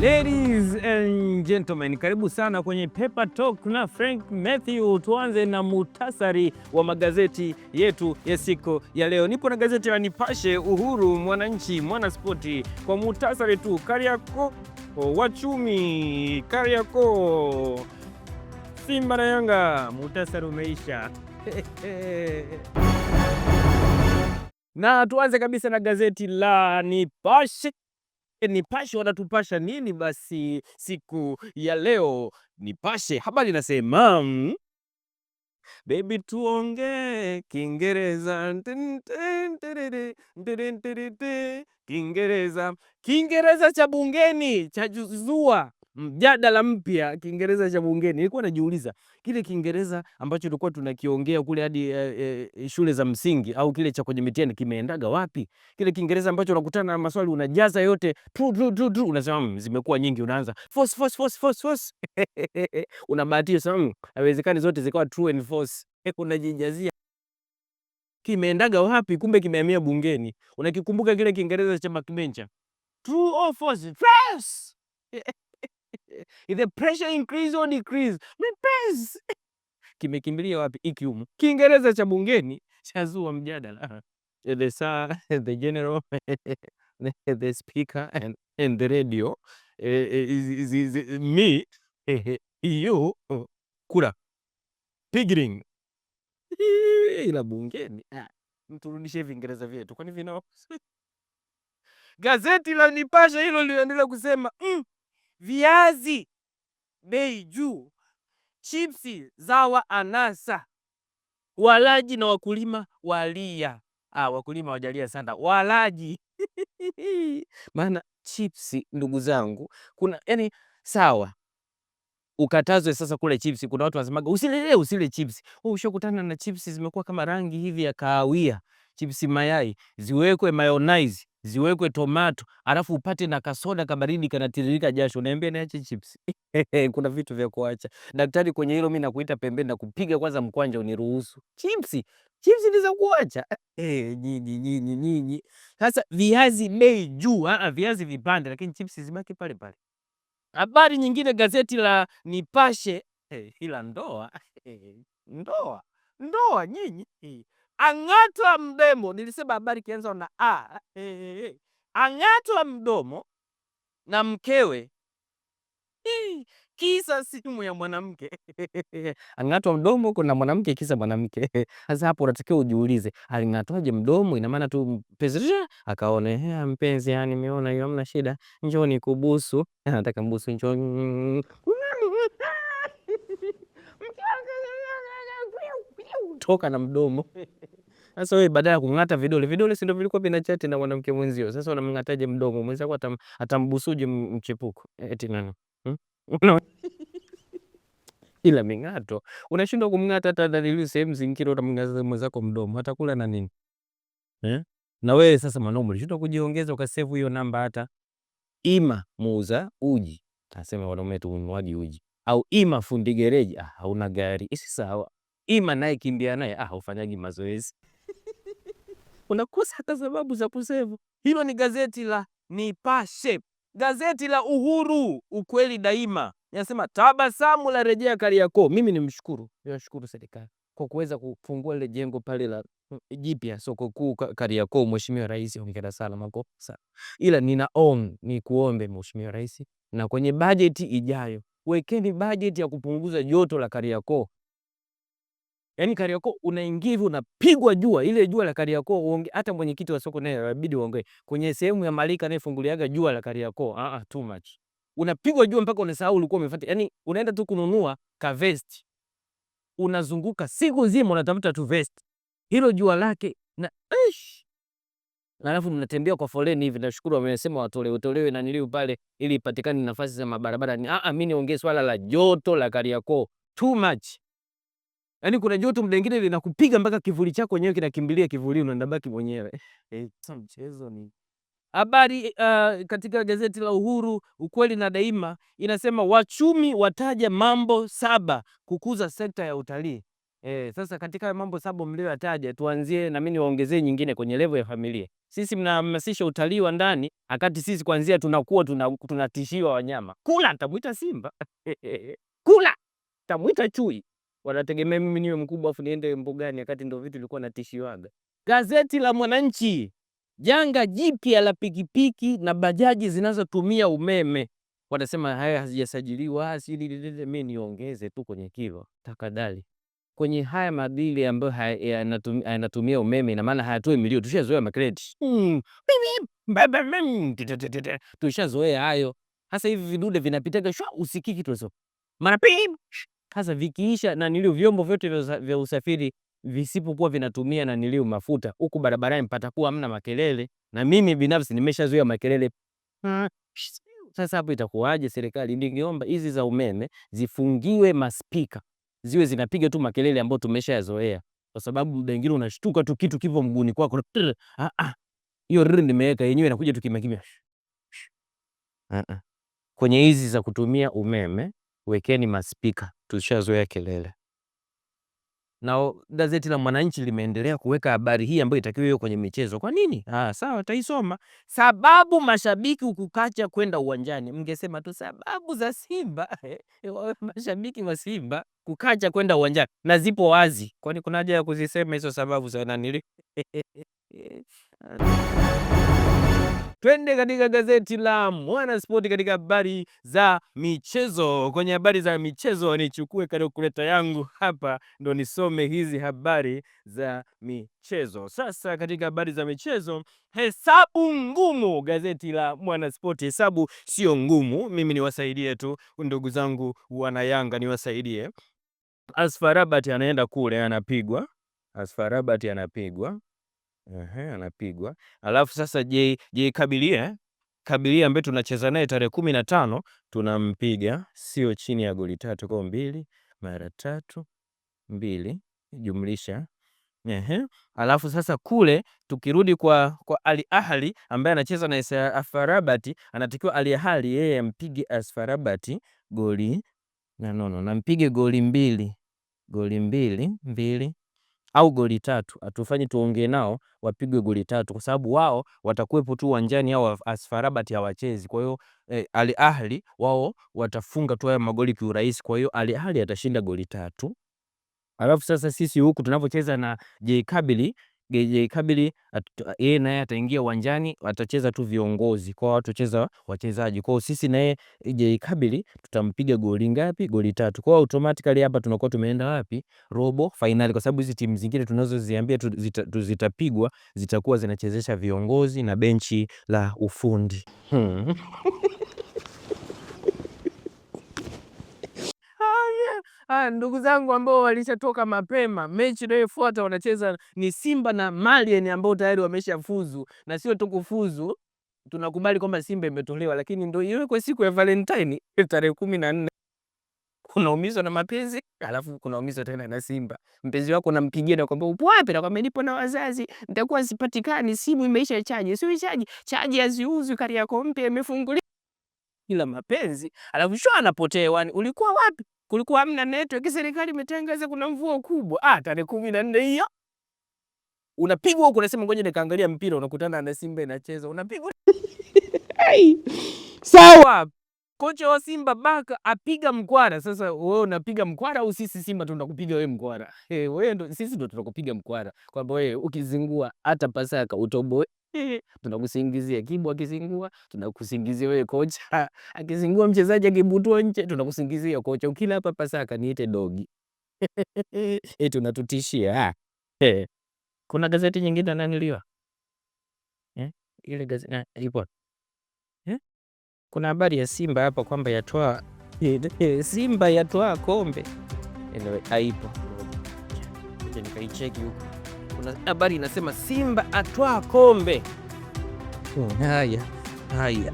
Ladies and gentlemen, karibu sana kwenye Paper Talk na Frank Mathew. Tuanze na muhtasari wa magazeti yetu ya siku ya leo. Nipo na gazeti la Nipashe, Uhuru, Mwananchi, Mwanaspoti. Kwa muhtasari tu, Kariakoo, wachumi Kariakoo, Simba na Yanga, muhtasari umeisha. na tuanze kabisa na gazeti la Nipashe Nipashe wanatupasha nini basi siku ya leo? Nipashe habari nasema mm. Baby tuonge Kiingereza, Kiingereza, Kiingereza cha bungeni cha juzua mjadala mpya Kiingereza cha bungeni. Nilikuwa najiuliza kile Kiingereza ambacho tulikuwa tunakiongea kule hadi e, e, shule za msingi au kile cha kwenye mitihani kimeendaga wapi? Kile Kiingereza ambacho unakutana na maswali unajaza yote tu tu tu tu, unasema mm, zimekuwa nyingi, unaanza force force force force false, unabahatia sana, mm, haiwezekani zote zikawa true and false, unajijazia kimeendaga wapi? Kumbe kimehamia bungeni. Unakikumbuka kile Kiingereza cha Bakibencha, true or false false the pressure increase or decrease. Mepesi kimekimbilia wapi? Ikiumu Kiingereza cha bungeni chazua mjadala the sir, the general the speaker and, and the radio eh, eh, is, is, is, me you oh, kura pigring ila bungeni ah, mturudishe Viingereza vyetu kwani vinao. Gazeti la Nipasha hilo liliendelea kusema mm viazi bei juu, chipsi zawa anasa, walaji na wakulima walia. Ah, wakulima wajalia sana, walaji maana chipsi, ndugu zangu, kuna yani sawa ukatazwe sasa kule chipsi. Kuna watu wanasemaga usilele usile chipsi. Wewe oh, ushokutana na chipsi zimekuwa kama rangi hivi ya kahawia chipsi mayai, ziwekwe mayonnaise, ziwekwe tomato, alafu upate na kasoda kabaridi kanatiririka jasho, naambia niache chipsi kuna vitu vya kuacha daktari, kwenye hilo mi nakuita pembeni na kupiga kwanza mkwanja, uniruhusu chipsi chipsi za kuacha Eh, nyinyi nyinyi nyinyi. Sasa viazi bei juu, ah, ah viazi vipande, lakini chipsi zibaki pale pale. Habari nyingine gazeti la Nipashe, hey, eh, ila ndoa Hey, eh, ndoa ndoa nyinyi Hey. Eh. Ang'atwa mdomo, nilisema habari ikianza na a e, e, e, ang'atwa mdomo na mkewe. Kisa simu ya mwanamke ang'atwa mdomo, kuna mwanamke, kisa mwanamke. Sasa hapo unatakiwa ujiulize, aling'atwaje mdomo? Ina maana tu mpenzi akaone, eh, mpenzi, yani nimeona hiyo, hamna shida, njoo nikubusu. Anataka mbusu, njoo toka na mdomo sasa wewe badala ya kung'ata vidole, vidole si ndio vilikuwa vinachati na mwanamke mwenzio. Sasa unamng'ataje mdomo mwenzako? Atam, atambusuje mchepuko eti nani hmm? Ila ming'ato unashindwa kumng'ata hata dalili sehemu zingine, utamng'ata mwenzako mdomo, atakula na nini eh? Na wewe sasa mwanaume ulishindwa kujiongeza ukasevu hiyo namba, hata ima muuza uji asema wanaume tu unuaji uji, au ima fundi gereji, ah, hauna gari isi sawa, ima naye kimbia naye, ah, ufanyaji mazoezi unakosa hata sababu za kusema. Hilo ni gazeti la Nipashe. Gazeti la Uhuru, ukweli daima, nasema tabasamu la rejea Kariakoo. Mimi ni mshukuru, nashukuru serikali kwa kuweza kufungua lile jengo pale la mm, jipya soko kuu Kariakoo. Mheshimiwa Rais ongera sana mako sana, ila on ni kuombe Mheshimiwa Rais na kwenye bajeti ijayo wekeni bajeti ya kupunguza joto la Kariakoo Yaani Kariakoo unaingia hivi unapigwa jua, ile jua la Kariakoo uongee hata mwenyekiti wa soko naye inabidi uongee. Kwenye sehemu ya Malika naye funguliaga jua la Kariakoo, ah ah, too much. Unapigwa jua mpaka unasahau ulikuwa umefuata. Yaani unaenda tu kununua ka vest. Unazunguka siku nzima unatafuta tu vest. Hilo jua lake na eish. Na alafu mnatembea kwa foleni hivi, nashukuru wamesema watolewe utolewe na niliu pale ili ipatikane nafasi za mabarabara. Ah ah, mimi niongee swala la joto la Kariakoo. Too much. Yaani kuna joto mda mwingine linakupiga mpaka kivuli chako wenyewe kinakimbilia kivuli, unabaki mwenyewe. Eh, sasa mchezo ni habari uh, katika gazeti la Uhuru ukweli na daima inasema wachumi wataja mambo saba kukuza sekta ya utalii. E, sasa katika mambo saba mlioyataja tuanzie na mimi niwaongezee nyingine kwenye levo ya familia. Sisi mnahamasisha utalii wa ndani, akati sisi kwanzia tunakuwa tunatishiwa wanyama. Kula tamuita simba. Kula tamuita chui wanategemea mimi niwe mkubwa afu niende mbugani, wakati ndio vitu vilikuwa natishiwaga. Gazeti la Mwananchi, janga jipya la pikipiki na bajaji zinazotumia umeme, wanasema haya hazijasajiliwa. Ah, mimi niongeze tu kwenye kilo takadali kwenye haya madili ambayo yanatumia umeme, ina maana hayatoi milio. Tushazoea makreti, hmm, tushazoea hayo. Hasa hivi vidude vinapitaga shwa, usikiki tu mara pim hasa vikiisha na niliu, vyombo vyote vya usafiri visipokuwa vinatumia na niliu mafuta, huku barabarani patakuwa hamna makelele, na mimi binafsi nimeshazuia makelele. Hmm, sasa hapo itakuwaje? Serikali ningeomba hizi za umeme zifungiwe maspika, ziwe zinapiga tu makelele ambayo tumeshayazoea, kwa sababu muda mwingine unashtuka tu kitu kipo mguuni kwako, ah ah, hiyo rr nimeweka yenyewe inakuja tu kimya kimya. Ah, ah. Kwenye hizi za kutumia umeme wekeni maspika tushazoea kelele. Na gazeti la Mwananchi limeendelea kuweka habari hii ambayo itakiwa hiyo kwenye michezo. Kwa nini? Ah, sawa taisoma. Sababu mashabiki ukukacha kwenda uwanjani. Mngesema tu sababu za Simba mashabiki wa Simba kukacha kwenda uwanjani na zipo wazi, kwani kuna haja ya kuzisema hizo sababu za nanili ah. Twende katika gazeti la Mwanaspoti katika habari za michezo. Kwenye habari za michezo, nichukue kalkuleta yangu hapa ndo nisome hizi habari za michezo. Sasa katika habari za michezo, hesabu ngumu, gazeti la Mwanaspoti. Hesabu sio ngumu, mimi niwasaidie tu ndugu zangu wana Yanga, niwasaidie. Asfarabat anaenda kule, anapigwa Asfarabat anapigwa anapigwa. Alafu sasa je, je Kabilia eh? Kabilia ambaye tunacheza naye tarehe kumi na tano tunampiga sio chini ya goli tatu kwa mbili mara tatu mbili jumlisha Ehe. Alafu sasa kule tukirudi kwa, kwa Ali Ahli ambaye anacheza na Asfarabati, anatakiwa Ali Ahli yeye ampige Asfarabati goli na nono, nampige goli mbili goli mbili mbili au goli tatu, atufanye tuongee nao wapigwe goli tatu, kwa sababu wao watakuwepo tu uwanjani au ya hawachezi. Kwa hiyo eh, Al Ahli wao watafunga tu haya magoli kiurahisi. Kwa hiyo Al Ahli atashinda goli tatu. Alafu sasa sisi huku tunavyocheza na JKabili Geje Kabili yeye naye ataingia uwanjani, atacheza tu viongozi kwa cheza wachezaji kwao. Sisi naye JJ Kabili tutampiga goli ngapi? Goli tatu. Kwa automatically hapa tunakuwa tumeenda wapi? Robo finali, kwa sababu hizi timu zingine tunazoziambia zitapigwa zitakuwa zinachezesha viongozi na benchi la ufundi hmm. Ah, ndugu zangu ambao walishatoka mapema, mechi inayofuata wanacheza ni Simba na Malien ambao tayari wameshafuzu, na sio tu kufuzu, tunakubali kwamba Simba imetolewa, lakini ndio kwa siku ya Valentine tarehe kumi na nne. Unaumizwa na mapenzi alafu kunaumizwa tena na Simba. Mpenzi wako nampigia na kwamba upo wapi? Na kwamba nipo na wazazi, nitakuwa sipatikani, simu imeisha chaji. Sio chaji, chaji haziuzwi, kari yako mpya imefunguliwa. Ila mapenzi alafu shwa anapotea hewani, ulikuwa wapi? kulikuwa hamna network, serikali imetangaza kuna mvua kubwa. Ah, tarehe kumi na nne hiyo unapigwa huko, unasema ngoja nikaangalia mpira, unakutana na Simba inacheza, unapigwa sawa. Kocha wa Simba Baka apiga mkwara. Sasa wewe unapiga mkwara au sisi Simba tunakupiga wewe mkwara? Hey, wewe ndo sisi ndo tunakupiga mkwara, kwamba wewe ukizingua hata pasaka utoboe Tunakusingizia Kibu akizingua, tunakusingizia wewe kocha ah, akizingua, mchezaji akibutua nje, tunakusingizia kocha. Ukila hapa Pasaka niite dogi eti eh, unatutishia. Ah, eh. Kuna gazeti nyingine ananiliwa eh? ile gazeti na ah, ipo eh? Kuna habari ya Simba hapa kwamba yatoa eh, Simba yatoa kombe, haipo, nikaicheki huko kuna habari inasema Simba atwaa kombe. Hmm, haya, haya.